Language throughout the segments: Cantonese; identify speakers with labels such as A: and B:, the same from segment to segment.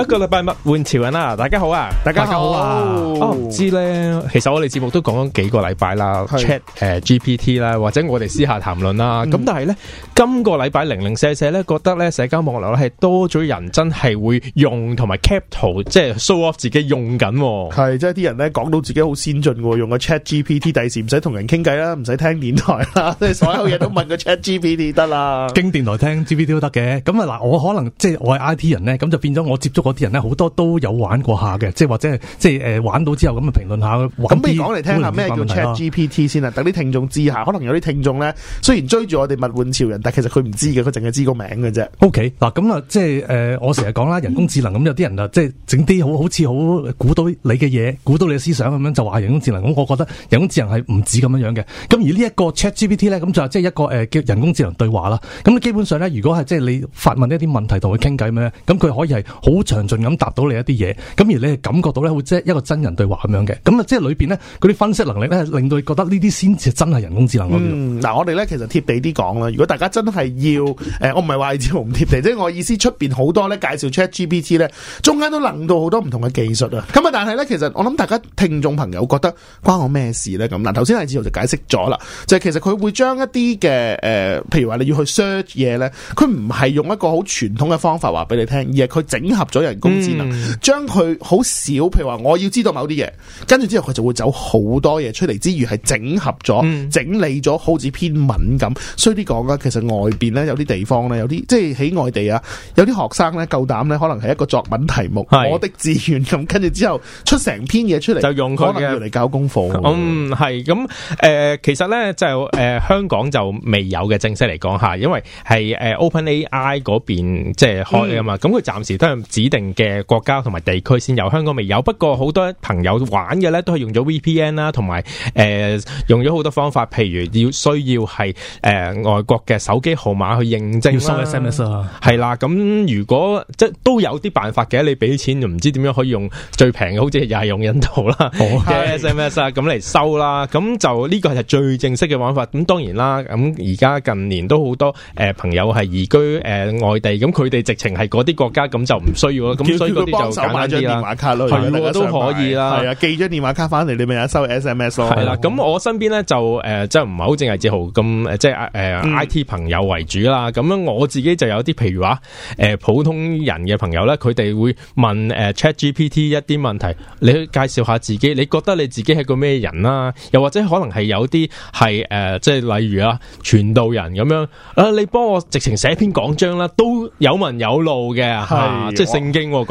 A: 一個禮拜物玩潮人啦，大家好啊，大家好啊。哦、我唔知咧，其實我哋節目都講咗幾個禮拜啦是，chat 誒、uh, GPT 啦，或者我哋私下談論啦。咁、嗯、但係咧，今個禮拜零零舍舍咧，覺得咧社交網絡咧係多咗人真係
B: 會用同埋 cap 圖，ca o, 即係 show off 自己用緊、啊。係，即係啲人咧講到自己好先進，用個 chat GPT 第時唔使同人傾偈啦，唔使聽電台啦，即係 所有嘢都問個
C: chat GPT 得啦。經電台聽 GPT 都得嘅。咁啊嗱，我可能即係我係 IT 人咧，咁就變咗我接觸。嗰啲人咧，好多都有玩過下嘅，即係或者係即係誒玩到之後咁啊，評論下。咁不如講嚟聽下咩叫 ChatGPT 先啊！等啲聽眾知下，可能有啲聽眾咧，雖然追住
B: 我哋物玩潮人，但其實佢唔知嘅，佢淨係知個名嘅啫。
C: OK，嗱咁啊，即係誒、呃，我成日講啦，人工智能咁有啲人啊，即係整啲好好似好估到你嘅嘢，估到你嘅思想咁樣，就話人工智能。咁我覺得人工智能係唔止咁樣樣嘅。咁而呢一個 ChatGPT 咧，咁就即係一個誒叫人工智能對話啦。咁基本上咧，如果係即係你發問一啲問題同佢傾偈咩，咁佢可以係好，詳盡咁答到你一啲嘢，咁而你係感覺到咧，會即係一個真人對話咁樣嘅，咁啊即係裏邊咧嗰啲分析能力咧，令到你覺得呢啲先至真係人工智能咁。嗯，嗱
B: 我哋咧其實貼地啲講啦，如果大家真係要誒、 呃，我唔係話李志豪唔貼地，即、就、係、是、我意思，出邊好多咧介紹 ChatGPT 咧，中間都令到好多唔同嘅技術啊。咁啊，但係咧，其實我諗大家聽眾朋友覺得關我咩事咧？咁嗱，頭先李志豪就解釋咗啦，就係、是、其實佢會將一啲嘅誒，譬如話你要去 search 嘢咧，佢唔係用一個好傳統嘅方法話俾你聽，而係佢整合咗。有人工智能，將佢好少，譬如話我要知道某啲嘢，跟住之後佢就會走好多嘢出嚟，之餘係整合咗、整理咗，好似篇文咁。所以啲講啊，其實外邊咧有啲地方咧，有啲即係喺外地啊，有啲學生咧夠膽咧，可能係一個作文題目，是我的志願咁，跟住之後出成篇嘢出嚟，就用佢嚟教功課。
A: 嗯，係咁，誒、呃，其實咧就誒、呃、香港就未有嘅正式嚟講吓，因為係誒 OpenAI 嗰邊即係、就是、開㗎嘛，咁佢暫時都係一定嘅國家同埋地區先有，香港未有。不過好多朋友玩嘅咧，都、呃、係用咗 VPN 啦，同埋誒，用咗好多方法，譬如，要需要係誒、呃、外國嘅手機號碼去認證。要收 SMS 係、啊、啦，咁如果即都有啲辦法嘅，你俾錢就唔知點樣可以用最平嘅，好似又係用印度啦嘅 SMS 咁嚟收啦。咁就呢個係最正式嘅玩法。咁當然啦，咁而家近年都好多誒、呃、朋友係移居誒、呃、外地，咁佢哋直情係嗰啲國家，咁就唔需要。咁所叫佢幫手買張電話卡咯，係啊都可以啦，係
B: 啊寄張電話卡翻嚟，你咪收 SMS 咯、哦。係啦、啊，
A: 咁我身邊咧就誒、呃、即係唔係好正，係自豪咁誒即係誒、呃嗯、IT 朋友為主啦。咁樣我自己就有啲，譬如話誒、呃、普通人嘅朋友咧，佢哋會問誒 ChatGPT、呃、一啲問題，你去介紹下自己，你覺得你自己係個咩人啦、啊？又或者可能係有啲係誒即係例如啊傳道人咁樣啊，你幫我直情寫一篇講章啦，都有文有路嘅，係是、啊、即係。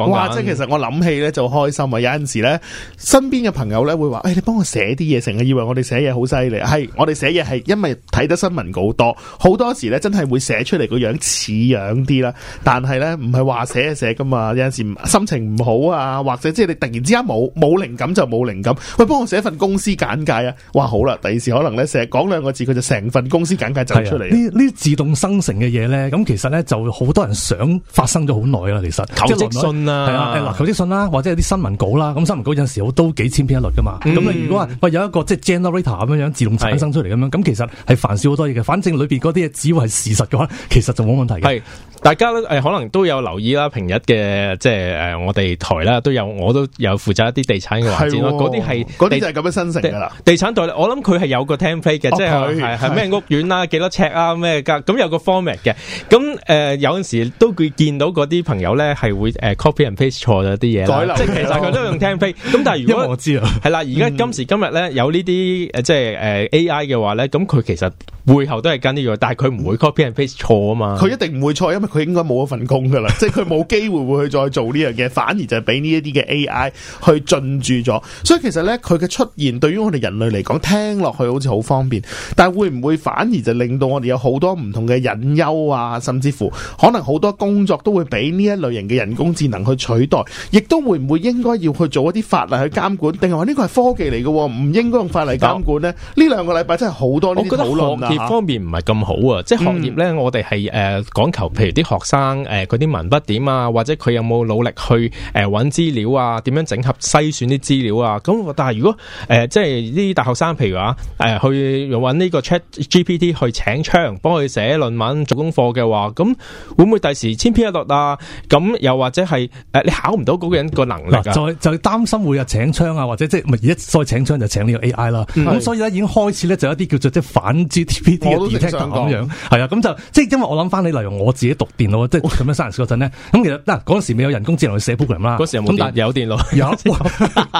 B: 哇！即其實我諗起咧就開心啊！有陣時咧，身邊嘅朋友咧會話：誒、哎，你幫我寫啲嘢，成日以為我哋寫嘢好犀利。係，我哋寫嘢係因為睇得新聞稿多，好多時咧真係會寫出嚟個樣似樣啲啦。但係咧唔係話寫一寫噶嘛。有陣時心情唔好啊，或者即係你突然之間冇冇靈感就冇靈感。喂，幫我寫份公司簡介啊！哇，好啦，第二時可能咧成日講兩個字，佢就成份公司簡介就出嚟。呢
C: 呢自動生成嘅嘢咧，咁其實咧就好多人想發生咗好耐啦。其實。信啊，係啊，嗱，求職信啦，或者有啲新聞稿啦，咁新聞稿有陣時都幾千篇一律噶嘛，咁啊，如果話喂有一個即係 generator 咁樣樣自動產生出嚟咁樣，咁其實係煩少好多嘢嘅，反正裏邊嗰啲嘢只要係事實嘅話，其實就冇問題嘅。
A: 大家咧，可能都有留意啦，平日嘅即係誒我哋台啦，都有我都有負責一啲地產嘅環節嗰啲係啲就係咁
B: 樣生成啦。
A: 地產代理我諗佢係有個 template 嘅，即係係咩屋苑啦，幾多尺啊，咩咁有個 format 嘅，咁誒有陣時都會見到嗰啲朋友咧係會。Uh, copy and paste 錯咗啲嘢，流即係其實佢都用聽飛、嗯。咁但係如果我知啊，係啦，而家今時今日咧有呢啲即係、uh, AI 嘅話咧，咁佢其實背後都係跟呢樣，但係佢唔會 copy and paste 錯啊嘛。佢一
B: 定唔會錯，因為佢應該冇一份工噶啦， 即係佢冇機會會去再做呢樣嘢，反而就係俾呢一啲嘅 AI 去進駐咗。所以其實咧，佢嘅出現對於我哋人類嚟講，聽落去好似好方便，但係會唔會反而就令到我哋有好多唔同嘅隱憂啊？甚至乎可能好多工作都會俾呢一類型嘅人工。智能去取代，亦都會唔會應該要去做一啲法例去監管？定係話呢個係科技嚟嘅，唔應該用法例監管咧？呢兩個禮拜真係好多，我覺得行業方
A: 面唔係咁好啊！嗯、即係行業咧，我哋係誒講求，譬如啲學生誒嗰啲文筆點啊，或者佢有冇努力去誒揾資料啊？點樣整合篩選啲資料啊？咁但係如果誒、呃、即係呢啲大學生，譬如話、啊、誒、呃、去用揾呢個 Chat GPT 去請槍，幫佢寫論文、做功課嘅話，咁會唔會第時千篇一律啊？咁又話？或者係誒，你考唔到嗰個人個能力，就
C: 就擔心會有請槍啊，或者即係咪而一再請槍就請呢個 A I 啦。咁所以咧已經開始咧，就有一啲叫做即係反 GPT 嘅 detect 咁樣。係啊，咁就即係因為我諗翻你，例如我自己讀電腦，即係咁樣 science 嗰陣咧。咁其實嗱，嗰時未有人工智能去寫 program 啦。嗰時有冇電腦？有電腦。有。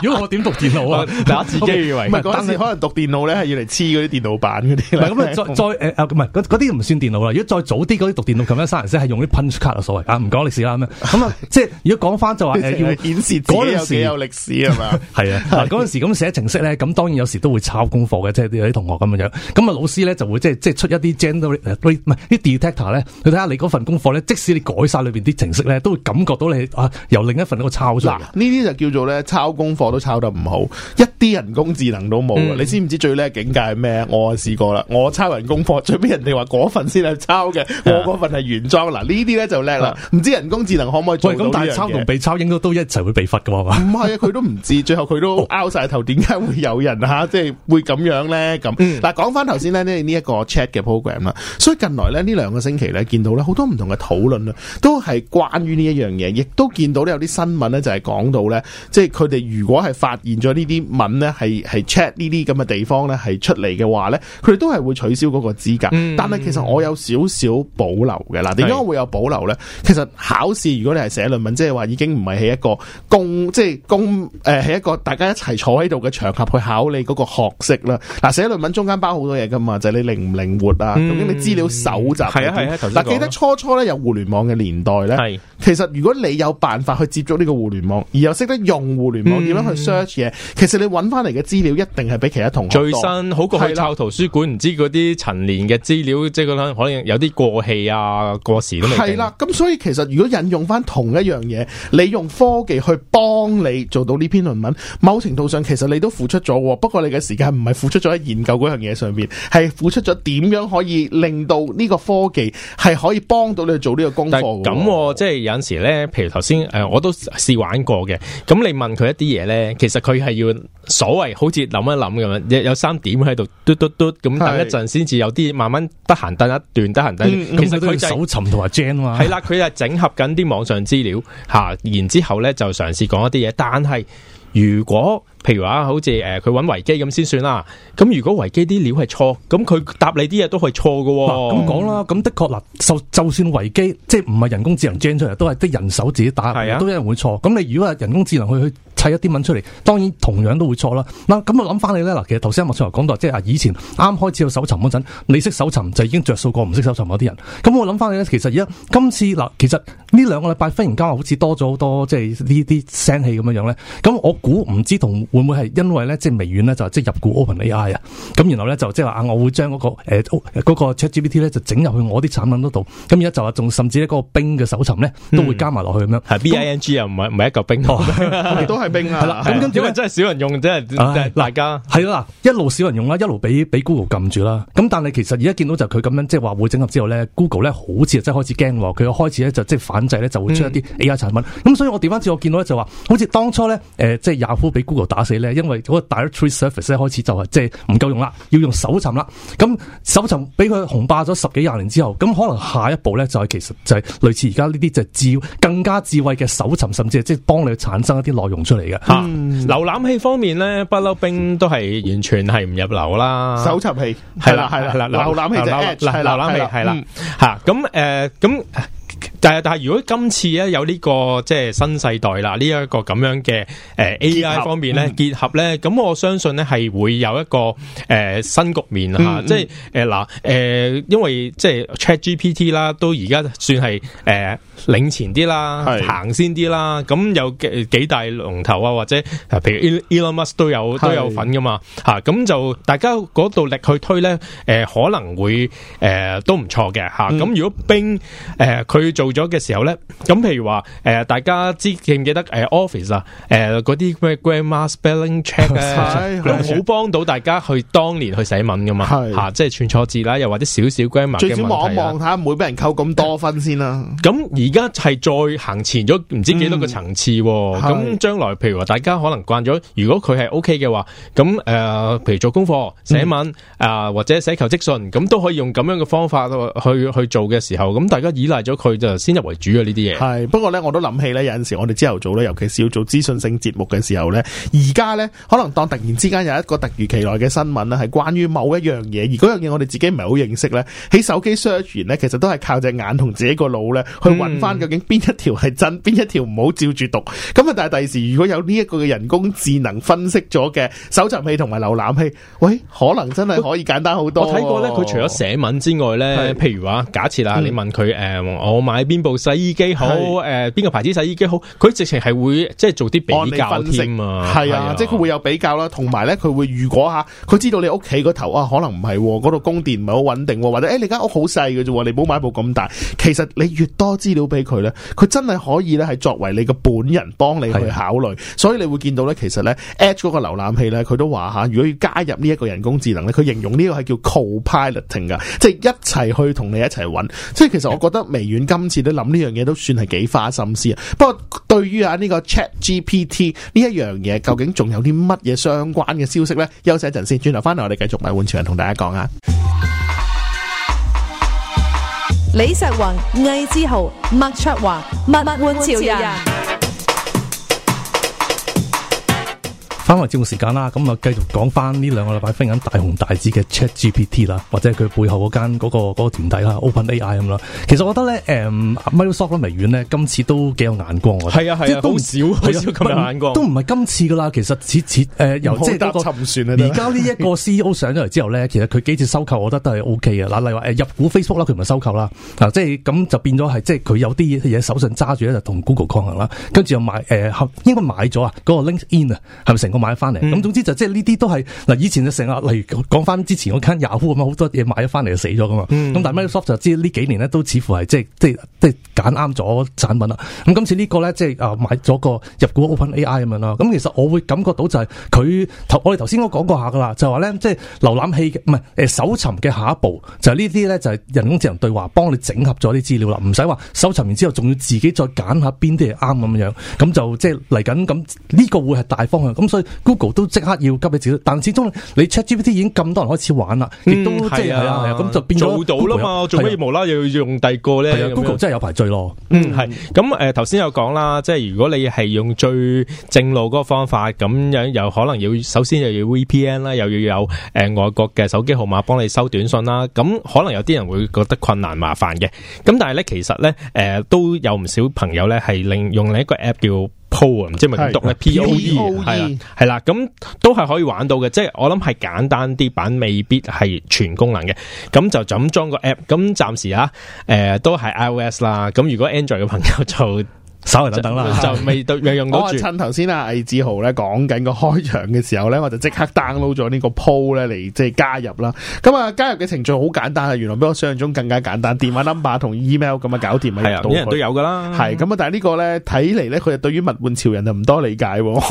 C: 如果我點讀電腦啊？我自己以為但陣可
B: 能讀電腦咧係要嚟黐嗰啲電腦版。嗰啲。唔係咁，再再
C: 誒，唔係嗰啲唔算電腦啦。如果再早啲嗰啲讀電腦咁樣 science 係用啲 punch 卡所謂啊，唔講歷史啦咁咁啊。即係如果講翻就話要顯、呃呃、示嗰陣時有歷史係嘛？係 啊，嗰陣時咁寫程式咧，咁當然有時都會抄功課嘅，即係啲同學咁樣。咁啊，老師咧就會即係即係出一啲 gen 咧，唔係啲 detector 咧，你睇下你嗰份功課咧，即使你改晒裏邊啲程式咧，都會感覺到你啊由另一份嗰個抄出嚟。呢啲就叫做咧抄功課都抄得唔好，一啲人工智
B: 能都冇、嗯、你知唔知最叻境界係咩？我試過啦，我抄功課人功課最尾人哋話嗰份先係抄嘅，我嗰份係原裝。嗱，呢啲咧就叻啦，唔知人工智能可唔可以？大抄同被
C: 抄應該都一齊會被罰噶嘛？唔
B: 係啊，佢都唔知，最後佢都拗晒頭，點解會有人即、啊、係會咁樣咧？咁、嗯，但講講翻頭先咧，呢呢一個 chat 嘅 program 啦，所以近來咧呢兩個星期咧，見到咧好多唔同嘅討論咧，都係關於呢一樣嘢，亦都見到咧有啲新聞咧就係講到咧，即係佢哋如果係發現咗呢啲文咧係 chat 呢啲咁嘅地方咧係出嚟嘅話咧，佢哋都係會取消嗰個資格。但係其實我有少少保留嘅啦。點解我會有保留咧？其實考試如果你係寫論文即係話已經唔係喺一個公，即係公誒，喺一個大家一齊坐喺度嘅場合去考慮你嗰個學識啦。嗱，寫論文中間包好多嘢噶嘛，就係、你靈唔靈活啊，咁啲資料搜集係啊係啊。嗯、啊啊嗱，記得初初咧有互聯網嘅年代咧，是其實如果你有辦法去接觸呢個互聯網，而又識得用互聯網點樣、嗯、去 search 嘢，其實你搵翻嚟嘅資料一定係比其他同學多最新，好過去靠圖
A: 書館，唔、啊、知嗰啲陳年嘅資料，即係可能可能有啲過氣啊、過時都未。係
B: 啦、啊，咁所以其實如果引用翻同。同一樣嘢，你用科技去幫你做到呢篇論文，某程度上其實你都付出咗。不過你嘅時間唔係付出咗喺研究嗰樣嘢上面，係付出咗點樣可以令到呢個科技係可以幫到你做呢個功課。咁即係
A: 有陣時咧，譬如頭先、呃、我都試玩過嘅。咁你問佢一啲嘢咧，其實佢係要所謂好似諗一諗咁樣，有三點喺度嘟嘟嘟咁，等一陣先至有啲是慢慢得閒得一段得閒得。等一段嗯、其實佢搜
C: 尋同埋 Gem 係
A: 啦，佢係整合緊啲網上資料嚇，然之後咧就嘗試講一啲嘢，但係如果。譬如話，好似誒，佢揾維基咁先算啦。咁如果維基啲料係錯，咁佢答你啲嘢都係錯嘅。咁講啦，
C: 咁的確嗱，就算維基，即係唔係人工智能 gen 出嚟，都係啲人手自己打，啊、都有人會錯。咁你如果係人工智能去去砌一啲文出嚟，當然同樣都會錯啦。嗱，咁我諗翻你咧，嗱，其實頭先阿莫翠華講到，即係啊，以前啱開始有搜尋嗰陣，你識搜尋就已經着數過唔識搜尋嗰啲人。咁我諗翻你咧，其實而家今次嗱，其實呢兩個禮拜忽然間話好似多咗好多，即係呢啲聲氣咁樣樣咧。咁我估唔知同。會唔會係因為咧，即係微軟咧就即係入股 OpenAI 啊？咁然後咧就即係話啊，我會將嗰、嗰個誒 ChatGPT 咧就整入去我啲產品嗰度。咁而家就話仲甚至咧嗰個冰嘅搜尋咧都會加埋落去咁、嗯、樣。Bing 那
A: 又唔係唔係一嚿
C: 冰，都係冰啊。係啦、嗯，咁根本了
A: 真係少人用，真係、啊、
C: 大家係啦，一路少人用啦，一路俾俾 Google 撳住啦。咁但係其實而家見到就佢咁樣即係話會整合之後咧，Google 咧好似真係開始驚喎，佢開始咧就即係反制咧就會出一啲 AI 產品。咁、嗯、所以我調翻轉我見到咧就話，好似當初咧誒即係雅虎俾 Google 打打死咧，因為嗰個 directory service 一開始就係即係唔夠用啦，要用搜尋啦。咁搜尋俾佢紅霸咗十幾廿年之後，咁可能下一步咧就係其實就係類似而家呢啲就係、是、智更加智慧嘅搜尋，甚至係即係幫你產生一啲內容出嚟嘅。吓、嗯、
A: 瀏覽、啊、器方面咧不嬲 Bing 都係完全係唔入流啦。搜
C: 尋器係啦係啦係啦，瀏覽器係、啊、啦係
A: 啦係啦吓。咁誒咁。但係但係，如果今次咧有呢、這個即係新世代啦，呢、這、一個咁樣嘅誒、呃、AI 方面咧結合咧，咁、嗯、我相信咧係會有一個誒、呃、新局面吓、啊嗯呃呃，即係誒嗱誒因為即係 ChatGPT 啦，都而家算係誒、呃、領前啲啦，是行先啲啦，咁有幾大龍頭啊，或者譬如 Elon Musk 都有是都有份噶嘛吓咁、啊、就大家嗰度力去推咧誒、呃、可能會誒、呃、都唔錯嘅吓咁如果 Bing 誒佢做。做咗嘅時候咧，咁譬如話誒、呃，大家知記唔記得誒，Office、呃 呃、啊，誒，嗰啲咩 grammar spelling check 咧，好幫到大家去當年去寫文噶嘛，吓，即係串錯字啦，又或者少少 grammar。最少望一望，
B: 睇下唔會俾人扣咁多分先啦、
A: 啊。咁而家係再行前咗唔知幾多個層次，咁將來譬如話大家可能慣咗，如果佢係 OK 嘅話，咁誒、呃，譬如做功課寫文、嗯、啊，或者寫求職信，咁都可以用咁樣嘅方法去
B: 去做嘅時候，咁大家依賴咗佢就。先入為主啊，呢啲嘢，係不過咧，我都諗起咧，有陣時我哋朝頭早咧，尤其是要做資訊性節目嘅時候咧，而家咧可能當突然之間有一個突如其來嘅新聞啦，係關於某一樣嘢，而嗰樣嘢我哋自己唔係好認識咧，喺手機 search 完咧，其實都係靠隻眼同自己個腦咧去搵返究竟邊一條係真，嗯、邊一條唔好照住讀。咁啊，但係第時如果有呢一個嘅人工智能分析咗嘅搜尋器同埋瀏覽器，喂，可能真係可以簡單好多。我睇過咧，佢除
A: 咗寫文之外咧，是譬如話，假設啦，嗯、你問佢誒、嗯，我買。邊部洗衣機好？誒是，邊、呃、個牌子洗衣機好？佢
B: 直情係會即係做啲比較添啊！係啊，啊啊即係佢會有比較啦。同埋咧，佢會如果吓，佢知道你屋企個頭啊，可能唔係嗰度供電唔係好穩定，啊，或者誒、欸，你間屋好細嘅啫，你唔好買部咁大。其實你越多資料俾佢咧，佢真係可以咧係作為你嘅本人幫你去考慮。啊、所以你會見到咧，其實咧，Edge 嗰個瀏覽器咧，佢都話吓，如果要加入呢一個人工智能咧，佢形容呢個係叫 co-piloting 噶，即係、就是、一齊去同你一齊搵。所以其實我覺得微軟今次。佢諗呢樣嘢都算係幾花心思啊！不過對於啊呢個 Chat GPT 呢一樣嘢，究竟仲有啲乜嘢相關嘅消息咧？休息一陣先，轉頭翻嚟我哋繼續物玩潮人同大家講啊！
C: 李石雲、魏之豪、麥卓華、物玩潮人。返嚟節目時間啦，咁啊繼續講翻呢兩個禮拜飛緊大紅大紫嘅 ChatGPT 啦，或者佢背後嗰間嗰個嗰、嗰個團體、那、啦、個、，OpenAI 咁啦。其實我覺得咧、嗯、，Microsoft 啦微軟咧，今次都幾有眼光啊！係啊係啊，好少不少。咁、啊、眼光都唔係今次噶啦。其實此次誒、呃，由即係一、嗰個而家呢一個 CEO 上咗嚟之後咧， 其實佢幾次收購，我覺得都係 OK 嘅。嗱，例如話、呃、入股 Facebook 啦，佢唔係收購啦，嗱，即係咁就變咗係即係佢有啲嘢喺手上揸住咧，就同 Google 抗衡啦。跟住又買誒、呃，應該買咗啊嗰個 LinkedIn 啊，係咪成？買翻嚟，咁、嗯、總之就即係呢啲都係嗱，以前就成日例如講翻之前嗰間 Yahoo 咁樣，好多嘢買咗翻嚟就死咗噶嘛。咁、嗯、但係 Microsoft 就知呢幾年咧都似乎係即係即係即係揀啱咗產品啦。咁今次呢個咧即係啊買咗個入股 OpenAI 咁樣啦。咁其實我會感覺到就係佢頭我哋頭先都講過下噶啦，就話咧即係瀏覽器唔係誒搜尋嘅下一步就係呢啲咧就係人工智能對話幫我哋整合咗啲資料啦，唔使話搜尋完之後仲要自己再揀下邊啲係啱咁樣，咁就即係嚟緊咁呢個會係大方向，咁所以。Google 都即刻要急你自己，但始終你 ChatGPT 已經咁多人開始玩啦，亦都即係、嗯、啊，咁就變咗做到啦嘛，做乜嘢，無
A: 啦又要用第二個咧？Google 真係有排追咯。嗯，係咁誒，頭先、嗯、呃、有講啦，即係如果你係用最正路嗰個方法，咁樣又可能要首先又要 VPN 啦，又要有誒外、呃、國嘅手機號碼幫你收短信啦，咁可能有啲人會覺得困難麻煩嘅。咁但係咧，其實咧，誒、呃、都有唔少朋友咧係另用另一個 app 叫。c 唔知咪讀是 P O E 係啦，咁、e、都係可以玩到嘅，即、就、係、是、我諗係簡單啲版，未必係全功能嘅，咁就就咁裝個 app，咁暫時啊，誒、呃、都係 iOS 啦，咁如果 Android 嘅朋友就。 稍為等等啦，就未到未用到住。我、哦、趁頭
B: 先啊，魏志豪咧講緊個開場嘅時候咧，我就即刻 download 咗呢個 po 咧嚟即係加入啦。咁啊加入嘅程序好簡單啊，原來比我想象中更加簡單。電話 number 同 email 咁啊搞掂啊，係啊的，到人都有噶啦。係咁啊，但係呢個咧睇嚟咧，佢對於物換潮人就唔多理解。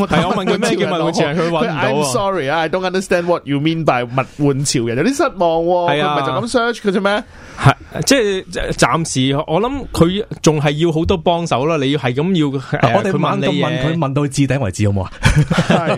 B: 但我問佢咩叫物換潮人，佢搵唔到啊。I'm sorry, I don't understand what you mean by 物換潮人，有啲失望。係啊的，就咁 search 嘅啫咩？係即
A: 係暫時，我諗佢仲係要好多幫手啦。你要。係咁要，呃、我哋問，問你、啊、佢問佢
C: 問到至頂為止好唔好
A: 啊？係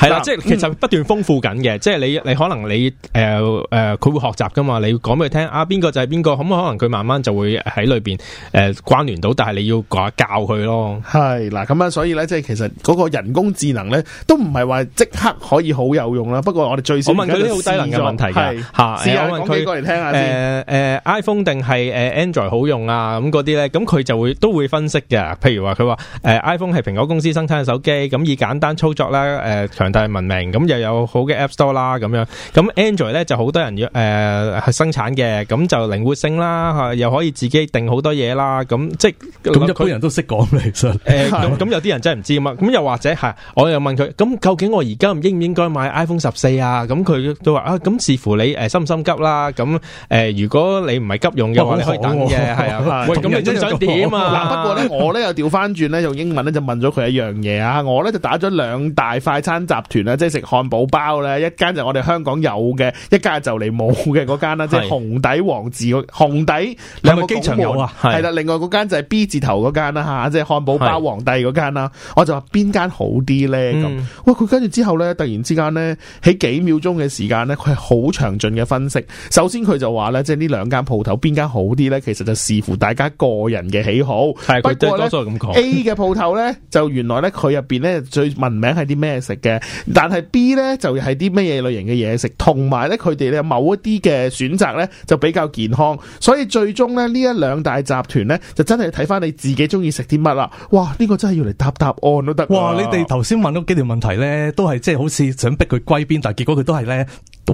A: 是 啦，嗯、即係其實不斷豐富緊嘅，即係你你可能你誒誒，佢、呃呃、會學習噶嘛？你講俾佢聽啊，邊個就係邊個，咁可能佢慢慢就會喺裏邊誒、呃、關聯到，但係你要講教佢咯。係嗱，
B: 咁樣所以咧，即係其實嗰個人工智能咧，都唔係話即刻可以好有用啦。不過我哋最少現在現在我問佢啲好低能嘅問題嘅，吓的，試、啊、下講幾個嚟聽下誒誒，iPhone 定
A: 係誒 Android 好用啊？咁嗰啲咧，咁佢就會都會分析嘅。譬如話佢話誒 iPhone 係蘋果公司生產嘅手機，咁以簡單操作啦，誒強大文明，咁又有好嘅 App Store 啦，咁樣咁 Android 咧就好多人誒係生產嘅，咁就靈活性啦，又可以自己定好多嘢啦，咁即係咁一般人都
C: 識講其實，誒咁
A: 咁有啲人真係唔知啊嘛，咁又或者係我又問佢，咁究竟我而家應唔應該買 iPhone 十四啊？咁佢都話啊咁視乎你誒心唔心急啦，咁誒如果你唔係急用嘅話，你可以等嘅，係啊，喂咁你真想點啊？不過咧我
B: 咧。又調翻轉咧，用英文咧就問咗佢一樣嘢啊！我咧就打咗兩大快餐集團啦，即係食漢堡包咧，一間就我哋香港有嘅，一間就嚟冇嘅嗰間啦，的即係紅底黃字個紅底兩個係咪機場有啊？係啦的，另外嗰間就係 B 字頭嗰間啦嚇，的即係漢堡包的皇帝嗰間啦。我就話邊間好啲咧咁，嗯、哇！佢跟住之後咧，突然之間咧，喺幾秒鐘嘅時間咧，佢係好詳盡嘅分析。首先佢就話咧，即係呢兩間鋪頭邊間好啲咧，其實就視乎大家個人嘅喜好。的不都係咁講。A 嘅鋪頭呢，就原來呢，佢入邊呢最聞名係啲咩食嘅，但係 B 呢，就係啲咩嘢類型嘅嘢食，同埋呢，佢哋呢某一啲嘅選擇呢，就比較健康，所以最終呢，呢一兩大集團呢，就真係要睇翻你自己中意食啲乜啦。哇！呢個真係要嚟答
C: 答案都得啊。哇！你哋頭先問咗幾條問題呢，都係即係好似想逼佢歸邊，但係結果佢都係呢。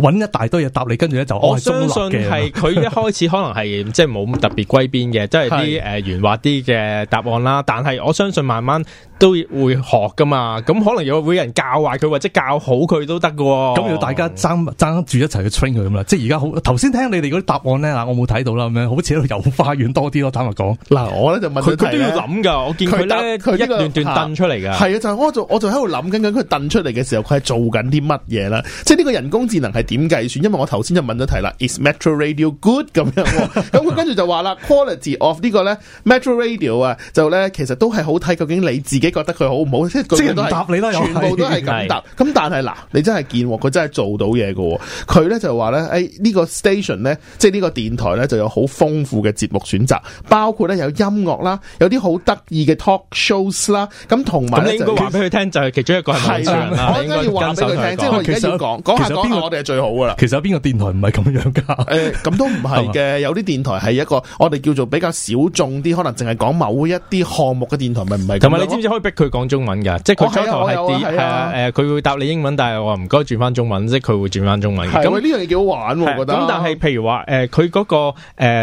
C: 揾一大堆嘢答你，跟住咧就我相信係佢一
A: 開始可能係 即係冇特別歸邊嘅，即係啲誒圓滑啲嘅答案啦。但係我相信慢慢都會學噶嘛，咁可能有會人教壞佢，或者教好佢都得噶、哦。咁、嗯、要大
C: 家爭爭住一齊去 train 佢咁啦。即係而家好頭先聽你哋嗰啲答案咧嗱，我冇睇到啦咁樣，好似喺度有花園多啲咯。坦白講，嗱我咧就問佢，佢都要諗噶。我見佢咧，佢、這個、一段段蹬出嚟噶，係
B: 啊，就係我就，我就喺度諗緊緊佢蹬出嚟嘅時候，佢係做緊啲乜嘢啦？即係呢個人工智能係。點計算？因為我頭先就問咗題啦，Is Metro Radio good 咁樣？咁佢跟住就話啦，quality of 呢個咧 Metro Radio 啊，就咧其實都係好睇。究竟你自己覺得佢好唔好？即係即答你都全部都係咁答。咁但係嗱，你真係見喎，佢真係做到嘢喎。佢咧就話咧，誒呢個 station 咧，即係呢個電台咧，就有好豐富嘅節目選擇，包括咧有音樂啦，有啲好得意嘅 talk shows 啦。咁同埋咁你應該話俾佢
A: 聽，就係其中一個係我應該要話俾佢聽，即係我應該要講講下
B: 講下，我哋。最好噶啦，
C: 其實有邊個電台唔係咁樣噶？
B: 誒，咁都唔係嘅，有啲電台係一個我哋叫做比較小眾啲，可能淨係講某一啲項目嘅電台，咪唔係。同埋你知唔知
C: 可以
A: 逼佢講中文㗎？即係佢初頭係啲佢會答你英文，但係我話唔該轉翻中文，即係佢會轉翻中文。咁呢
B: 樣嘢幾好玩喎，我覺得。咁但
A: 係譬如話誒，佢嗰個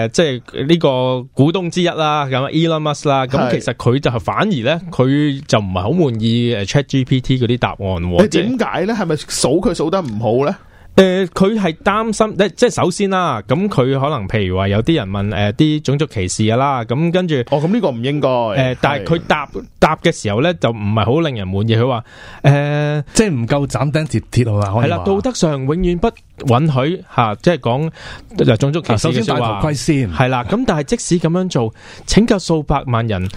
A: 即係呢個股東之一啦，咁 Elon Musk 啦，咁其實佢就係反而咧，佢就唔係好滿意誒 ChatGPT 嗰啲答案喎。你
B: 點解咧？係咪數佢數得唔好咧？
A: 誒，佢係擔心，即係首先啦，咁佢可能譬如話有啲人問誒，啲種族歧視嘅啦，咁跟住哦，咁呢個唔應該誒，但係佢答答嘅時候咧，就唔係好令人滿意。佢話誒，即係唔夠斬釘截鐵啊，係啦，道德上永遠不允許吓，即係講誒種族歧視嘅說話。首先打頭盔先係啦，咁但係即使咁樣做，拯救數百萬人，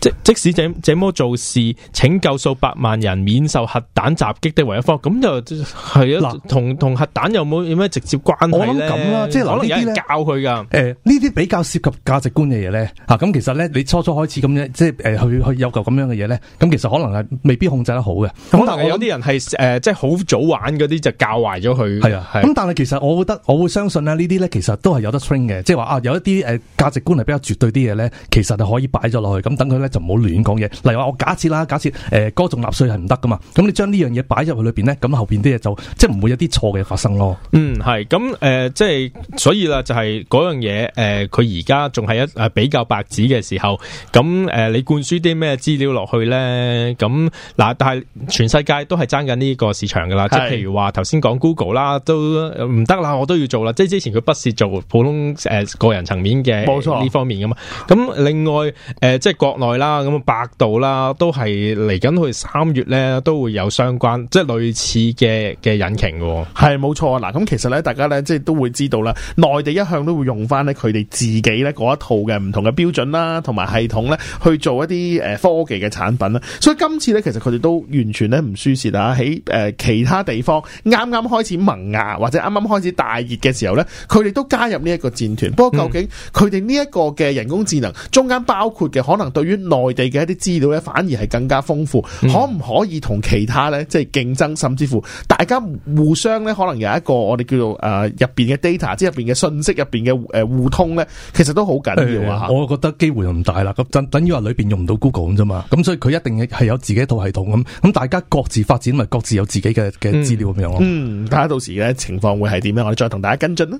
A: 即即使這麼做事，拯救數百萬人免受核彈襲擊的唯一方，咁就係啦，
C: 同。同核彈有冇有咩直接關係？我諗咁啦，即係是留呢啲咧教佢噶。誒、呃，呢啲比較涉及價值觀嘅嘢咧，吓、啊、咁其實咧，你初初開始咁樣，即係誒、呃、去去有嚿咁樣嘅嘢咧，咁其實可能係未必控制得好嘅。可能有
A: 啲人係誒想、呃，即係好早玩嗰啲就教
C: 壞咗佢。係啊，咁、啊、但係其實我覺得我會相信咧，呢啲咧其實都係有得 train 嘅，即係話啊，有一啲誒價值觀係比較絕對啲嘢咧，其實就可以擺咗落去，咁等佢咧就唔好亂講嘢。例如話我假設啦，假設誒歌頌納粹係唔得噶嘛，咁、呃、你將呢樣嘢擺入去裏邊咧，咁後邊啲嘢就即係唔會有啲錯。嘅發生咯，
A: 嗯係，咁誒、呃，即係所以啦，就係、是、嗰樣嘢，誒、呃，佢而家仲係一誒比較白紙嘅時候，咁誒、呃，你灌輸啲咩資料落去咧？咁嗱，但係全世界都係爭緊呢個市場噶啦，是即係譬如話頭先講 Google 啦，都唔得啦，我都要做啦，即係之前佢不屑做普通誒、呃、個人層面嘅錯，呢方面噶嘛。咁另外誒、呃，即係國內啦，咁、嗯、百度啦，都係嚟緊去三月咧都會有相關即係類似嘅嘅引擎噶、喔。
B: 係冇錯嗱，咁其實咧，大家咧即係都會知道啦。內地一向都會用翻咧佢哋自己咧嗰一套嘅唔同嘅標準啦，同埋系統咧去做一啲誒科技嘅產品啦。所以今次咧，其實佢哋都完全咧唔輸蝕啊！喺誒其他地方啱啱開始萌芽或者啱啱開始大熱嘅時候咧，佢哋都加入呢一個戰團。不過究竟佢哋呢一個嘅人工智能、嗯、中間包括嘅可能對於內地嘅一啲資料咧，反而係更加豐富。嗯、可唔可以同其他咧即係競爭，甚至乎大家互相？可能有一個我哋叫做誒入、呃、邊嘅 data，即係入邊嘅信息，入邊嘅誒互通咧，其實都好緊要啊、哎！
C: 我覺得機會唔大啦，咁等於話裏邊用唔到 Google 咁啫嘛，咁所以佢一定係有自己一套系統咁，咁大家各自發展咪各自有自己嘅嘅資料咁、嗯、樣咯。嗯，大家到時咧情況會係點樣，我哋再同大家跟進啦。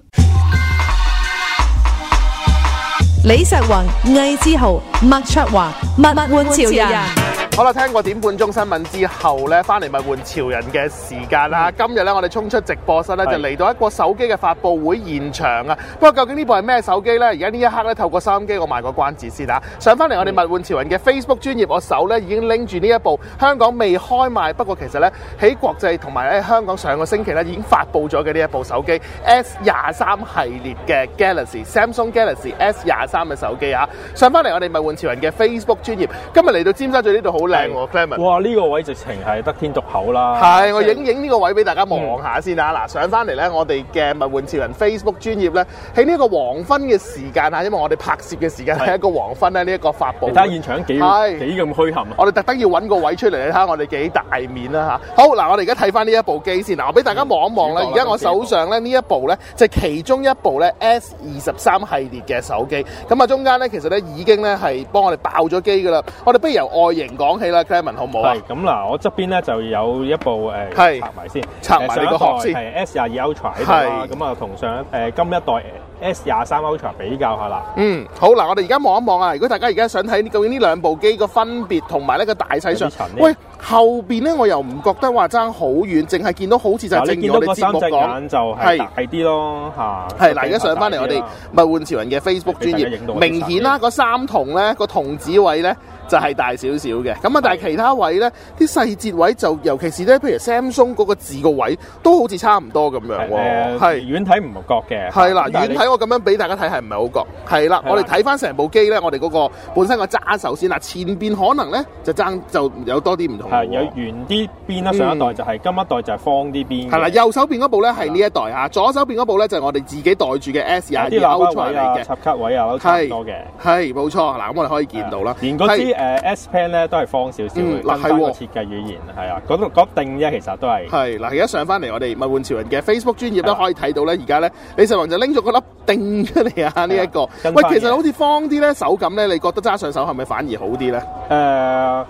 C: 李石雲、魏之豪、麥卓華、物玩潮人。
B: 好啦，聽過點半鐘新聞之後咧，翻嚟物玩潮人嘅時間啦。嗯、今日咧，我哋衝出直播室咧，就嚟到一個手機嘅發佈會現場啊。是不過究竟呢部係咩手機呢？而家呢一刻咧，透過收音機，我賣個關子先啊。上翻嚟我哋物玩潮人嘅 Facebook 專頁，我手咧已經拎住呢一部香港未開賣，不過其實咧喺國際同埋喺香港上個星期咧已經發布咗嘅呢一部手機 S 廿三系列嘅 Galaxy Samsung Galaxy S 廿三嘅手機啊。上翻嚟我哋物玩潮人嘅 Facebook 專頁，今日嚟到尖沙咀呢度好。靚喎，Clement！
A: 哇，呢個位直情係得天獨厚啦！係是，是我影
B: 影呢個位俾大家望下先啊！嗱、嗯，上翻嚟咧，我哋嘅物玩潮人 Facebook 專頁咧，喺呢一個黃昏嘅時間啊，因為我哋拍攝嘅時間係一個黃昏咧，呢一個發布。而家現場幾幾咁墟冚啊！我哋特登要揾個位出嚟睇下，我哋幾大面啦嚇！好嗱，我哋而家睇翻呢一部機先嗱，我俾大家望一望啦。而家主角 我手上咧呢一部咧，就係、其中一部咧 S 二十三系列嘅手機。咁啊，中間咧其實咧已經咧係幫我哋爆咗機噶啦。我哋不如由外形講。講起啦，Clement，好唔好啊？係
A: 咁嗱，我側邊咧就有一部誒，拆埋是先，先，拆埋兩代係 S 廿二 Ultra 啦。咁啊，同上一是上、呃、今一代 S 廿三 Ultra 比較下啦。
B: 嗯，好嗱，我哋而家望一望啊。如果大家而家想睇究竟呢兩部機個分別同埋呢、呢個大細上，喂，後邊咧我又唔覺得話爭好遠，淨係見到好似就正如我哋節目講，就係大啲咯吓，係嗱是，而家上翻嚟我哋物玩潮人嘅 Facebook 專頁，明顯啦、啊，嗰三筒咧，個筒子位咧。就係大少少嘅。咁啊，但係其他位咧，啲細節位就，尤其是咧，譬如 Samsung 嗰個字個位，都好似差唔多咁樣喎，係遠睇唔覺嘅。係啦，遠睇我咁樣俾大家睇係唔係好覺？係啦，我哋睇翻成部機咧，我哋嗰個本身個揸手先嗱，前邊可能咧就爭就有多啲唔同。係有圓
A: 啲邊啦，上一代就係，今一代就係方啲邊。係啦，右
B: 手邊嗰部咧係呢一代嚇，左手邊嗰部咧就係我哋自己袋住嘅 S 廿二 Ultra 嚟嘅，插卡位又差唔多嘅，係冇錯嗱，咁我哋可以見到啦，
A: 誒 S,、呃、，S Pen 咧都係方少少嘅，更加設
B: 計語言係啊。嗰度、哦那個、定」錠其實都係係嗱，而家上翻嚟我哋物玩潮人嘅的 Facebook 專業都可以睇到咧。而家咧，李世宏就拎咗個粒定」出嚟啊！呢一個，喂，其實好似方啲咧，手感咧，你覺得揸上手係咪反而好啲咧？誒、呃。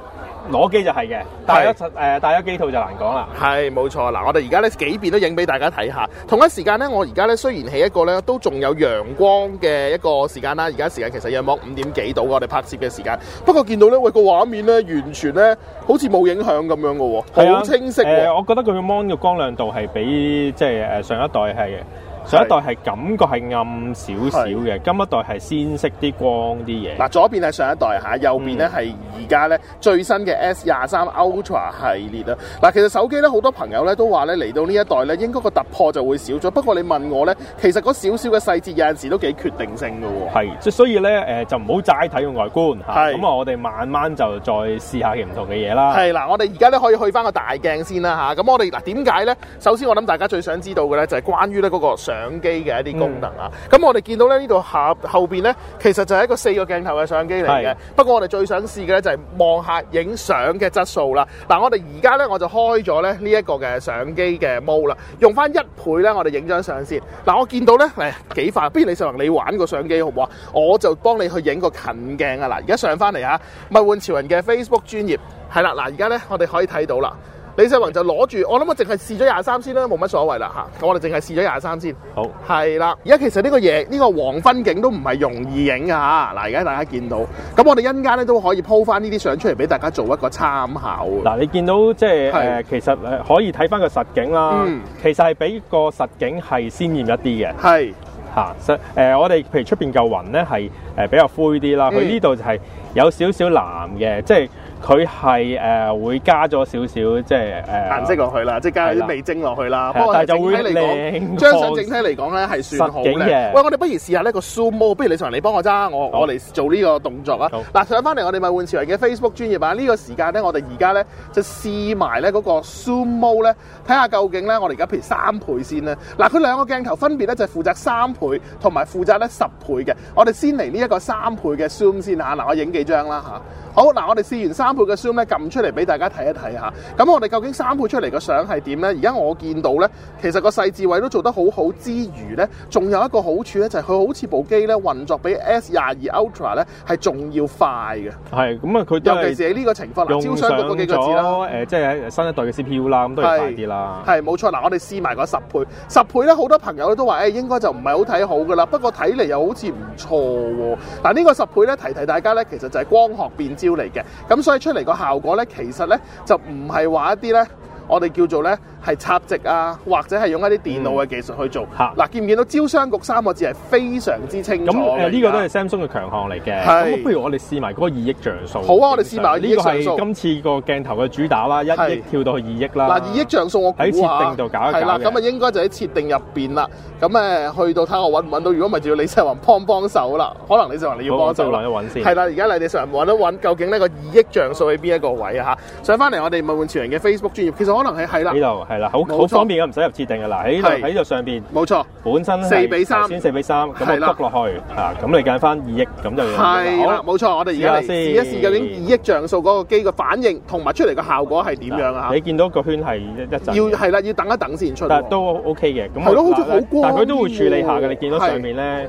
B: 攞機就係
A: 嘅，帶咗誒帶咗機
B: 套就難講啦。係冇錯，嗱我哋而家咧幾遍都影俾大家睇下。同一時間咧，我而家咧雖然係一個咧都仲有陽光嘅一個時間啦。而家時間其實有冇五點幾到我哋拍攝嘅時間。不過見到咧，喂個畫面咧完全咧好似冇影響咁樣嘅喎，好的、啊、好清晰嘅。嘅、呃。我覺得佢嘅 Mon 嘅光亮度係比
A: 即係誒上一代係嘅。是上一代係感覺係暗少少嘅，今一代係
B: 先色鮮色啲光啲嘢。嗱，左邊係上一代嚇，右邊咧係而家咧最新嘅 S 廿三 Ultra 系列啦。嗱，其實手機咧好多朋友咧都話咧嚟到呢一代咧應該個突破就會少咗。不過你問我咧，其實嗰少少嘅細節有陣時都幾決定性嘅喎。係，
A: 即係所以咧誒就唔好齋睇個外觀嚇，咁啊是我哋慢慢就再試下嘅唔同嘅嘢啦。係嗱，
B: 我哋而家咧可以去翻個大鏡先啦嚇，咁我哋嗱點解咧？首先我諗大家最想知道嘅咧就係關於咧嗰個上相機嘅一啲功能啊，咁、嗯、我哋見到咧呢度下後邊咧，其實就係一個四個鏡頭嘅相機嚟嘅。的不過我哋最想試嘅呢，就係望下影相嘅質素啦。嗱，我哋而家呢，我就開咗咧呢一個嘅相機嘅 mode 啦，用翻一倍呢，我哋影張相先。嗱，我見到呢，誒幾快，不如你，尚宏你玩個相機好唔好啊？我就幫你去影個近鏡啊！嗱，而家上翻嚟吓，物玩潮人嘅 Facebook 專頁係啦，嗱而家呢，我哋可以睇到啦。李世宏就攞住，我諗我淨係試咗廿三先啦，冇乜所謂啦嚇。咁我哋淨係試咗廿三先。好，係啦。而家其實呢個嘢，呢個黃昏景都唔係容易影嘅嚇。嗱，而家大家見到，咁我哋一陣咧都可以鋪翻呢啲相出嚟俾大家做一個參考。嗱，你見到即係誒是、呃，其實可以睇翻個實景啦。嗯、其實係
A: 比個實景係鮮豔一啲嘅。係是。嚇、呃，實誒，我哋譬如出邊嚿雲咧係誒比較灰啲啦，佢呢度就係有少少藍嘅，即係。佢係誒會加咗少少即係誒、呃、顏色落去啦，即係加咗啲味精落去啦。是的不過就會靚。張相整體嚟講咧係算好嘅。的喂，
B: 我哋不如試下呢個 zoom mode。不如你上嚟，你幫我揸，我我嚟做呢個動作啊！嗱，上翻嚟我哋咪換潮人嘅 Facebook 專頁啊。呢、呢個時間咧，我哋而家咧就試埋咧嗰個 zoom mode 咧，睇下究竟咧我哋而家譬如三倍先啦。嗱，佢兩個鏡頭分別咧就係負責三倍同埋負責咧十倍嘅。我哋先嚟呢一個三倍嘅 zoom 先下。嗱，我影幾張啦嚇。啊好嗱，我哋試完三倍嘅 Zoom 咧，撳出嚟俾大家睇一睇吓。咁我哋究竟三倍出嚟嘅相係點咧？而家我見到咧，其實個細緻位都做得好好，之餘咧，仲有一個好處咧，就係、是、佢好似部機咧運作比 S 廿二 Ultra 咧係仲要快嘅。
A: 係咁啊，佢、嗯、尤其是喺呢個情況啦、呃、招商嗰幾個字啦、呃。即係新一代嘅 CPU 啦，咁都係快啲啦。
B: 係冇錯，嗱我哋試埋嗰十倍，十倍咧好多朋友都話、哎、應該就唔係好睇好噶啦。不過睇嚟又好似唔錯喎。嗱呢個十倍咧提提大家咧，其實就係光學變焦嚟嘅，咁所以出嚟個效果咧，其實咧就唔係話一啲咧。我哋叫做呢係插值啊，或者係用一啲電腦嘅技術去做。嚇、嗯！嗱，見唔見到招商局三個字係非常之清楚嘅？咁呢、呃、呢個都
A: 係 Samsung 嘅強項嚟嘅。咁是不，不如我哋試埋嗰個二億像素。好啊，我哋試埋呢億像素。呢個係今次個鏡頭嘅主打啦，一是億跳到去二億啦。嗱，二億
B: 像素我喺設定度搞一搞嘅。係啦，咁啊應該就喺設定入邊啦。咁誒去到睇我揾唔揾到？如果唔係，就要李世宏幫幫手啦。可能李世宏你要幫手。我就嚟揾先。係啦，而家你哋上嚟揾一揾，究竟呢、那個二億像素喺邊一個位啊？嚇！上翻嚟我哋物玩潮人嘅 Facebook 專頁。可能係係啦，呢度係啦，好好方便
A: 嘅，唔使入設定㗎喇，喺呢度喺呢度上面，冇錯，本身四比三，先四比三，咁你篤落去啊，咁你揀翻二億咁就有啦，係啦，冇錯，我哋而家嚟試一試究竟
B: 二億像素嗰個機嘅反應，同埋出嚟嘅效果係點樣啊？你
A: 見到個圈係
B: 一一陣，要係啦，要等一等先出，但都 OK 嘅，咁我覺得咧，但係佢都會處理下嘅，你見到上面咧，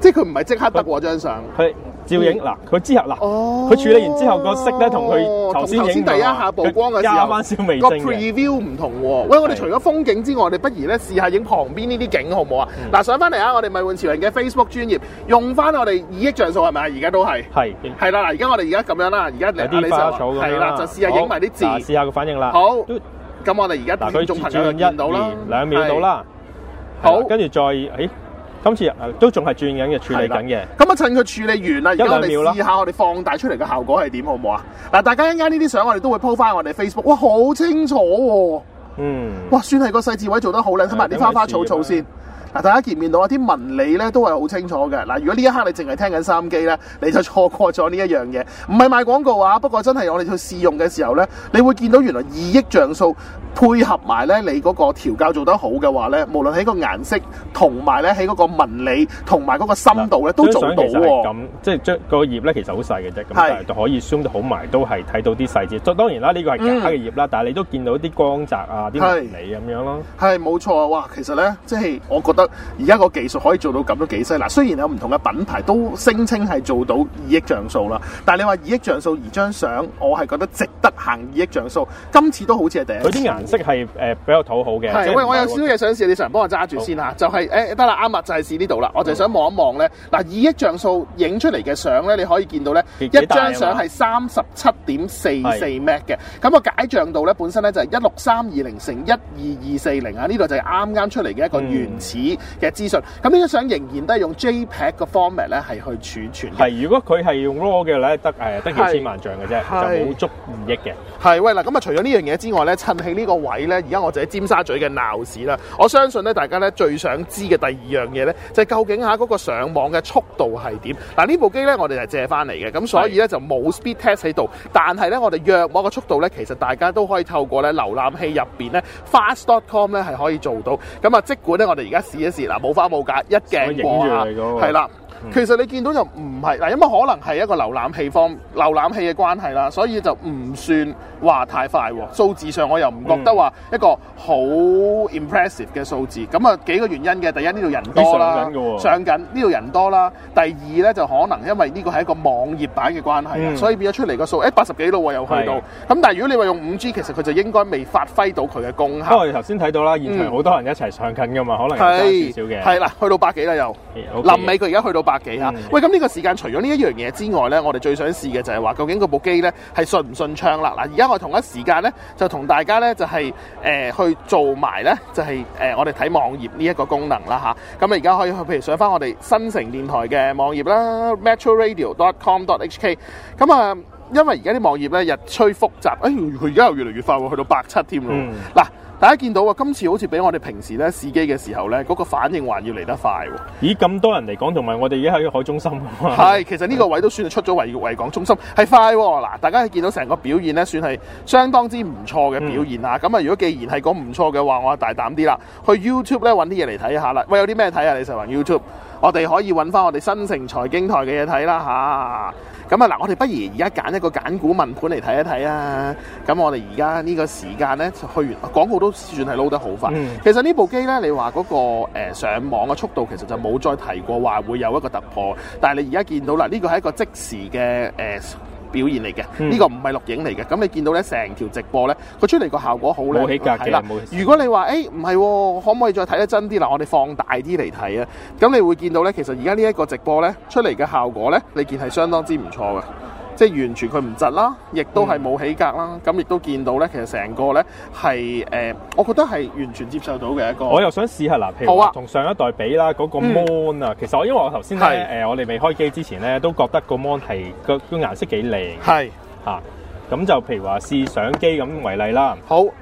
B: 即係佢唔係即刻得過
A: 張相，佢。照影嗱，佢之後嗱，佢處理完之後個色咧同佢頭先影第一下曝光嘅時候，個 preview
B: 唔同喎。喂，我哋除咗風景之外，我哋不如咧試下影旁邊呢啲景好唔好啊？嗱，上翻嚟啊，我哋物玩潮人嘅 Facebook 專頁，用翻我哋二億像素係咪啊？而家都係係係啦，而家我哋而家咁樣啦，而家你你就係啦，就試下影埋啲字，試下個
A: 反應啦。好，
B: 咁我哋而家嗱，佢仲住一秒到啦，兩秒到啦，
A: 好，跟住再誒。今次都仲係轉緊嘅處理緊嘅，
B: 咁啊趁佢處理完啦，而家我哋試一下我哋放大出嚟嘅效果係點好唔好啊？嗱，大家一間呢啲相我哋都會 po 翻我哋 Facebook，哇好清楚喎、哦，嗯，哇算係個細字位做得好靚，睇埋啲花花草草先。嗱、啊，大家見唔見到啊？啲紋理咧都係好清楚嘅。嗱，如果呢一刻你淨係聽緊收音機咧，你就錯過咗呢一樣嘢。唔係賣廣告啊，不過真係我哋去試用嘅時候咧，你會見到原來二億像素。配合埋咧，你嗰個調教做得好嘅話咧，無論喺個顏色同埋咧喺嗰個紋理同埋嗰個深度咧，都做到咁。即
A: 係張個葉咧，其實好細嘅啫，咁是但係都可以相得好埋，都係睇到啲細節。當
B: 然啦，呢個係其他嘅葉啦，但係你都
A: 見到啲光澤是啊，啲紋理
B: 咁樣咯。係冇錯啊！哇，其實咧，即係我覺得而家個技術可以做到咁都幾犀利。嗱，雖然有唔同嘅品牌都聲稱係做到二億像素啦，但你話二億像素而張相，我係覺得值得行二億像素。今次都好似係第一。啲色
A: 係誒比較討好嘅。係喂，我有少
B: 少嘢想試，你成日幫我揸住先吓。就係誒得啦，啱喇就係試呢度啦。我就係想望一望咧。嗱、嗯，二億像素影出嚟嘅相咧，你可以見到咧，一張相係三十七點四四 mac 嘅。咁是個解像度咧，本身咧就係一六三二零乘一二二四零啊。呢度就係啱啱出嚟嘅一個原始嘅資訊。咁呢張相仍然都係用 JPEG 嘅 format 咧係去儲存，存。係，如果佢係用 RAW 嘅咧，得誒得幾千萬像嘅啫，是就冇足二億嘅。係喂，嗱咁啊，除咗呢樣嘢之外咧，趁起呢、這個。個位咧，而家我就喺尖沙咀嘅鬧市啦。我相信咧，大家咧最想知嘅第二樣嘢咧，就係究竟下嗰個上網嘅速度係點。嗱，呢部機咧，我哋係借翻嚟嘅，咁所以咧就冇 speed test 喺度。但係咧，我哋約摸個速度咧，其實大家都可以透過咧瀏覽器入邊咧 fast.com 咧係可以做到。咁啊，即管咧，我哋而家試一試，嗱，冇花冇假，一鏡過一，係啦。其實你見到就唔係嗱，因為可能係一個瀏覽器方瀏覽器嘅關係啦，所以就唔算話太快喎。數字上我又唔覺得話一個好 impressive 嘅數字。咁啊、嗯、幾個原因嘅，第一呢度人多啦，上緊呢度人多啦。第二咧就可能因為呢個係一個網頁版嘅關係，嗯、所以變咗出嚟個數誒八十幾咯，又去到。咁的但係如果你話用五 G，其實佢就應該未發揮到佢嘅功效。因為頭先睇
A: 到啦，現場好多人一齊上緊噶嘛，嗯、可能係少嘅。係啦，
B: 去到百幾啦又。臨尾佢而家去到百。百幾吓，喂、嗯！咁呢個時間除咗呢一樣嘢之外咧，我哋最想試嘅就係話究竟嗰部機咧係順唔順暢啦。嗱，而家我同一時間咧就同大家咧就係誒去做埋咧就係誒我哋睇網頁呢一個功能啦吓。咁啊，而家可以去，譬如上返我哋新城電台嘅網頁啦，metroradio.com.hk。咁啊，因為而家啲網頁咧日趨複雜，哎，誒，佢而家又越嚟越快去到百七添咯。嗱。大家見到啊，今次好似比我哋平時咧試機嘅時候咧，嗰、那個反應還要嚟得快喎。
A: 咦，咁多人嚟講，同埋我哋而家喺海中心啊
B: 係，其實呢個位都算係出咗維港中心係快嗱。大家見到成個表現咧，算係相當之唔錯嘅表現啦。咁啊、嗯，如果既然係講唔錯嘅話，我大膽啲啦，去 YouTube 咧搵啲嘢嚟睇下啦。喂，有啲咩睇啊？你實行 YouTube，我哋可以搵翻我哋新城財經台嘅嘢睇啦吓！啊咁啊嗱，我哋不如而家揀一個揀股問盤嚟睇一睇啊！咁我哋而家呢個時間呢，就去完廣告都算係撈得好快。嗯、其實呢部機呢，你話嗰、嗰個、呃、上網嘅速度其實就冇再提過話會有一個突破，但係你而家見到啦，呢、呢個係一個即時嘅表現嚟嘅，呢個唔係錄影嚟嘅。咁你見到呢成條直播呢，佢出嚟個效果好靚。冇起格嘅，係嘅，冇起格嘅。如果你話誒唔係，可唔可以再睇得真啲？嗱，我哋放大啲嚟睇啊。咁你會見到呢，其實而家呢一個直播呢，出嚟嘅效果呢，你見係相當之唔錯嘅。即係完全佢唔窒啦，亦都係冇起格啦。咁亦都見到咧，其實成個咧係誒，我覺得係完全接受到嘅一個。我又
A: 想試下啦，譬如話，同上一代比啦，嗰個 mon 啊，其實我因為我頭先係誒，我哋未開機之前咧，都覺得個 mon 係個個顏色幾靚。係嚇，咁就譬如話試相機咁為例啦。好，嗱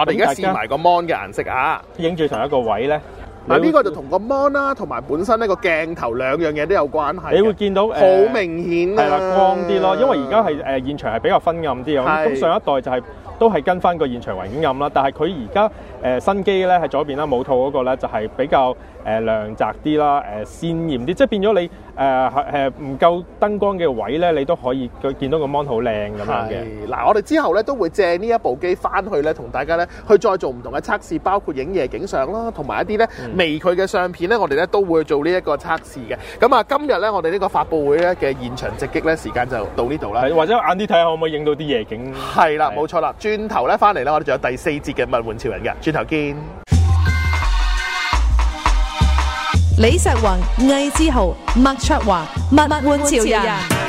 A: 我哋而家試埋個 mon 嘅顏色嚇，影住頭一個位咧。
B: 嗱，呢個就同個 mon 啦，同埋本身呢個鏡頭兩樣嘢都有關係。你會見到誒，好明顯啊，呃、係啦光啲咯，因為而
A: 家係誒現場係比較昏暗啲啊。咁係嘅上一代就係、係、都係跟翻個現場環境暗啦，但係佢而家誒新機咧喺左邊啦，冇套嗰個咧就係、係、比較誒、呃、亮澤啲啦，誒、呃、鮮豔啲，即係變咗你。誒係唔夠燈光嘅位咧，你都可以見到個 mon 好靚咁樣嘅。
B: 嗱，我哋之後咧都會借呢一部機翻去咧，同大家咧去再做唔同嘅測試，包括影夜景相啦，同埋一啲咧、嗯、微距嘅相片咧，我哋咧都會做呢一個測試嘅。咁啊，今日咧我哋呢個發布會咧嘅現場直擊咧，時間就到呢度啦。或者晏啲睇下可唔可以影到啲夜景。係啦，冇錯啦，轉頭咧翻嚟呢，我哋仲有第四節嘅物玩潮人嘅，轉頭見。
C: 李錫宏、魏之豪、麥卓華、物玩潮人。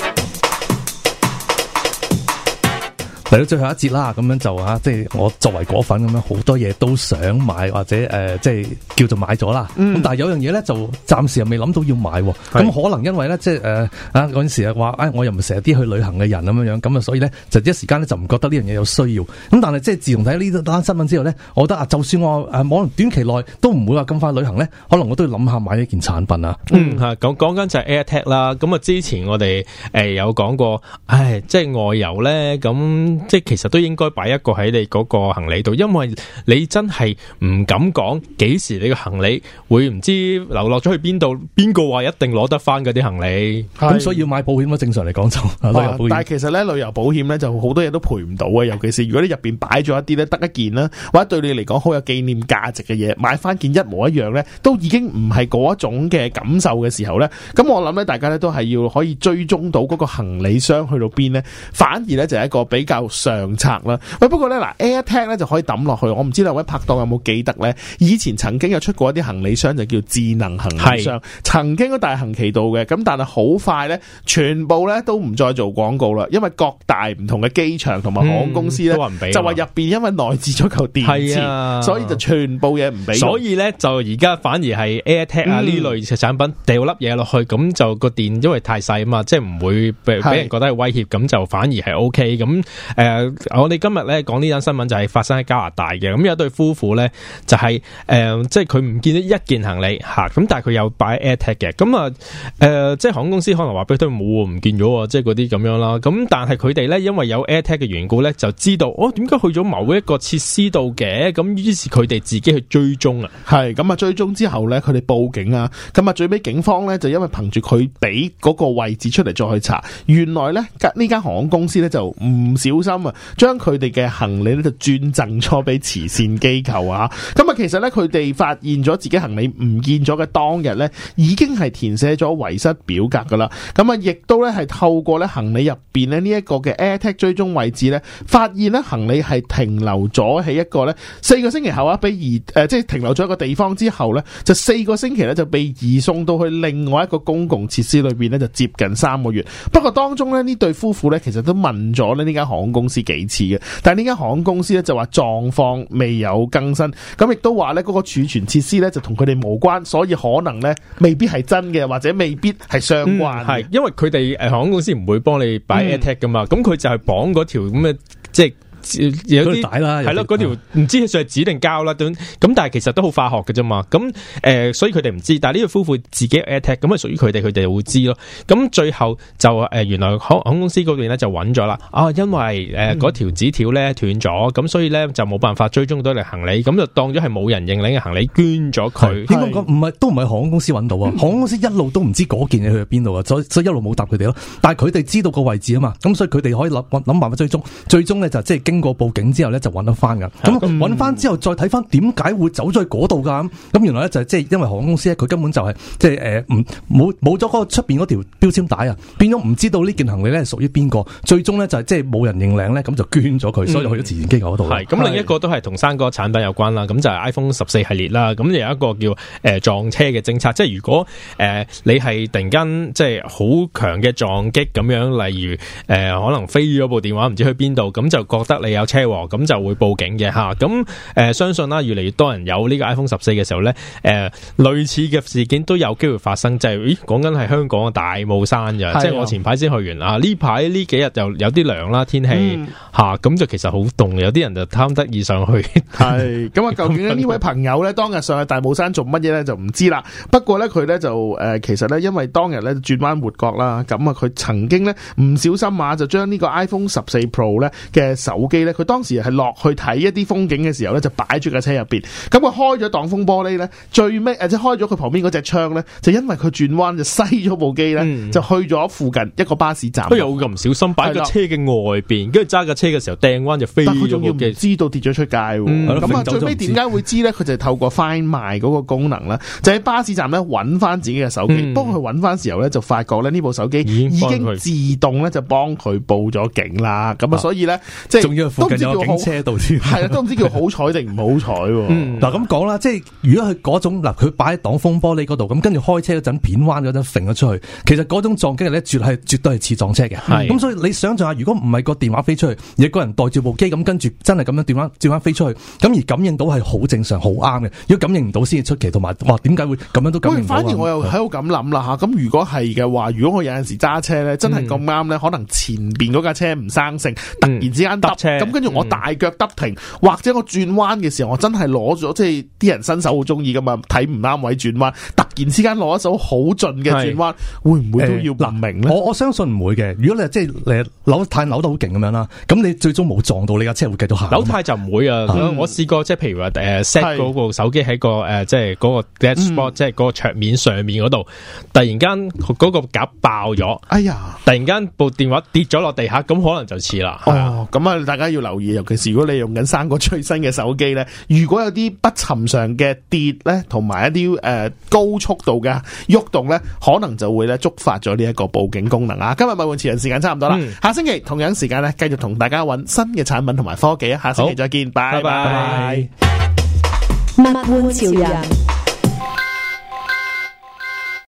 C: 嚟到最後一節啦，咁樣就啊，即係我作為果粉咁樣，好多嘢都想買或者誒、呃，即係叫做買咗啦。咁、嗯、但係有樣嘢咧，就暫時又未諗到要買。咁是可能因為咧，即係啊嗰陣時啊話，唉、哎，我又唔成日啲去旅行嘅人咁樣樣，咁啊，所以咧就一時間咧就唔覺得呢樣嘢有需要。咁但係即係自從睇呢單新聞之後咧，我覺得啊，就算我誒可能短期內都唔會話咁快旅行咧，可能我都要諗下買一件產品、嗯
A: 嗯、啊。嗯，咁講緊就係 AirTag 啦。咁啊，之前我哋、呃、有講過，唉，即係外遊咧咁。即係其實都應該擺一個喺你嗰個行李度，因為你真係唔敢講幾時你個行李會唔知流落咗去邊度，邊個話一定攞得翻嗰啲行李，
B: 咁是所
C: 以要買保險咯。正常嚟講就，旅遊保險。但係
B: 其實咧旅遊保險咧就好多嘢都賠唔到啊，尤其是如果你入邊擺咗一啲咧得一件啦，或者對你嚟講好有紀念價值嘅嘢，買翻件一模一樣咧，都已經唔係嗰一種嘅感受嘅時候咧，咁我諗咧大家咧都係要可以追蹤到嗰個行李箱去到邊咧，反而咧就係一個比較。上策啦，喂！不過咧，嗱 AirTag 咧就可以抌落去。我唔知兩位拍檔有冇記得咧？以前曾經有出過一啲行李箱，就叫智能行李箱，是曾經都大行其道嘅。咁但係好快咧，全部咧都唔再做廣告啦，因為各大唔同嘅機場同埋航空公司咧都唔俾，嗯、就話入邊因為內置咗嚿電池，啊、所以就全部嘢唔俾。所以
A: 咧就而家反而係 AirTag 啊呢類產品掉粒嘢落去，咁就個電因為太細啊嘛，即係唔會俾俾人覺得係威脅，咁就反而係 O K 咁。誒、呃，我哋今日咧講呢單新聞就係發生喺加拿大嘅，咁、嗯、有一對夫婦咧就係、是、誒、呃，即係佢唔見咗一件行李嚇，咁、啊、但係佢有擺 AirTag 嘅，咁啊誒，即係航空公司可能話俾佢聽冇唔見咗啊，即係嗰啲咁樣啦。咁、嗯、但係佢哋咧因為有 AirTag 嘅緣故咧，就知道
B: 哦點解去咗某一個設施度嘅，咁於是佢哋自己去追蹤啊，係咁啊追蹤之後咧，佢哋報警啊，咁、嗯、啊最尾警方咧就因為憑住佢俾嗰個位置出嚟再去查，原來咧呢間航空公司咧就唔少。心啊，將佢哋嘅行李咧就轉贈咗俾慈善機構啊！咁啊，其實咧佢哋發現咗自己行李唔見咗嘅當日咧，已經係填寫咗遺失表格噶啦。咁啊，亦都咧係透過咧行李入邊咧呢一個嘅 AirTag 追蹤位置咧，發現咧行李係停留咗喺一個咧四個星期後啊，被移誒、呃、即係停留咗一個地方之後咧，就四個星期咧就被移送到去另外一個公共設施裏邊咧，就接近三個月。不過當中咧呢對夫婦咧，其實都問咗呢呢間航。公司幾次嘅，但係呢間航空公司咧就話狀況未有更新，咁亦都話咧嗰個儲存設施咧就同佢哋無關，所以可能咧未必係真嘅，或者未必係相關的，係、嗯、
A: 因為佢哋誒航空公司唔會幫你擺 AirTag 㗎嘛，咁佢就係綁嗰條咁嘅即係。有啲帶啦，係咯，嗰條唔知算係紙定膠啦，咁咁但係其實都好化學嘅啫嘛，咁誒、呃，所以佢哋唔知，但係呢對夫婦自己有 AirTag，咁啊，屬於佢哋，佢哋會知咯。咁最後就誒、呃，原來航空公司嗰邊咧就揾咗啦，啊，因為誒嗰條紙條咧斷咗，咁、呃嗯、所以咧就冇辦法追蹤到嚟行李，咁就當咗係冇人認領嘅行李捐咗
C: 佢。唔係，都唔係航空公司揾到啊，嗯、航空公司一路都唔知嗰件嘢去邊度啊，所以所以一路冇答佢哋咯。但係佢哋知道個位置啊嘛，咁所以佢哋可以諗諗辦法追蹤，最終咧就即、是、係經經過報警之後咧就搵得翻噶，咁揾翻之後再睇翻點解會走咗去嗰度噶咁，原來咧就即係因為航空公司咧佢根本就係即係誒唔冇冇咗嗰出邊嗰條標籤帶啊，變咗唔知道呢件行李咧係屬於邊個，最終咧就係即係冇人認領咧，咁就捐咗佢，所以去咗慈善機構嗰度。係咁、嗯、另
A: 一個都係同三個產品有關啦，咁就係、是、iPhone 十四系列啦，咁有一個叫誒撞車嘅政策，即係如果誒、呃、你係突然間即係好強嘅撞擊咁樣，例如誒、呃、可能飛咗部電話唔知去邊度，咁就覺得有車禍咁就會報警嘅吓，咁誒、呃，相信啦，越嚟越多人有呢個 iPhone 十四嘅時候呢誒、呃，類似嘅事件都有機會發生，即係，咦，講緊係香港嘅大霧山嘅，的即係我前排先去完啊，呢排呢幾日就有啲涼啦，天氣吓，咁、嗯啊、就其實好凍，有啲人就貪得意上
B: 去，係是，咁啊，究竟呢呢位朋友呢當日上去大霧山做乜嘢呢？就唔知啦，不過呢，佢呢就誒、呃，其實呢，因為當日呢轉彎抹角啦，咁啊，佢曾經呢，唔小心啊就將呢個 iPhone 十四 Pro 呢嘅手。機咧，佢當時係落去睇一啲風景嘅時候咧，就擺住架車入邊。咁佢開咗擋風玻璃咧，最尾，誒，即係開咗佢旁邊嗰隻窗咧，就因為佢轉彎就西咗部機咧，就去咗附近一個巴士站。都、嗯、有咁唔小心擺架車
A: 嘅外邊，跟住揸架車嘅時候掟彎就飛咗部機。不過佢仲要
B: 知道跌咗出街，咁啊最尾點解會知咧？佢 就透過 Find My 嗰個功能啦，就喺巴士站咧揾翻自己嘅手機。不過佢揾翻嘅時候咧，就發覺咧呢部手機已經自動咧就幫佢報咗警啦。咁啊，所以咧即係。附近有警車都唔
C: 知，叫好，都唔知叫好彩定唔好彩喎、啊。嗱咁講啦，即係如果佢嗰種嗱，佢擺喺擋風玻璃嗰度，咁跟住開車嗰陣片彎嗰陣揈咗出去，其實嗰種撞擊力咧，絕係絕對係似撞車嘅。咁是、嗯，所以你想象下，如果唔係個電話，電話飛出去，而個人袋住部機咁跟住真係咁樣電話電話飛出去，咁而感應到係好正常、好啱嘅。如果感應唔到，先至出奇，同埋哇，點解會咁樣都感應到，反而我又喺度咁諗啦嚇。咁、嗯、如果係嘅話，如果我有陣時
B: 揸車咧，真係咁啱咧，可能前邊嗰架車唔生性，突然之間搭。咁跟住我大腳急停，或者我轉彎嘅時候，我真係攞咗，即係啲人新手好中意噶嘛，
C: 睇唔啱位轉彎，突然之間攞一手好盡嘅轉彎，是會唔會都要唔明咧、欸呃？我我相信唔會嘅。如果你即係扭軚扭得好勁咁樣啦，咁你最終冇撞到你架車會繼續行。扭軚
A: 就唔會啊！嗯、我試過即係譬如話誒 set 嗰部手機喺、嗰個誒是、嗯、即係嗰個 desktop，即係嗰個桌面上面嗰度，突然間嗰個夾爆咗，
B: 哎呀！突然間部電話跌咗落地下，咁可能就似啦。咁、哎、呀啊。哦大家要留意，尤其是，如果你用緊三個最新嘅手機呢，如果有啲不尋常嘅跌呢，同埋一啲誒、呃、高速度嘅喐動呢，可能就會咧觸發咗呢一個報警功能啊！今日物玩潮人時間差唔多啦，嗯、下星期同樣時間呢，繼續同大家揾新嘅產品同埋科技啊！下星期再見，好拜拜。物玩潮人拜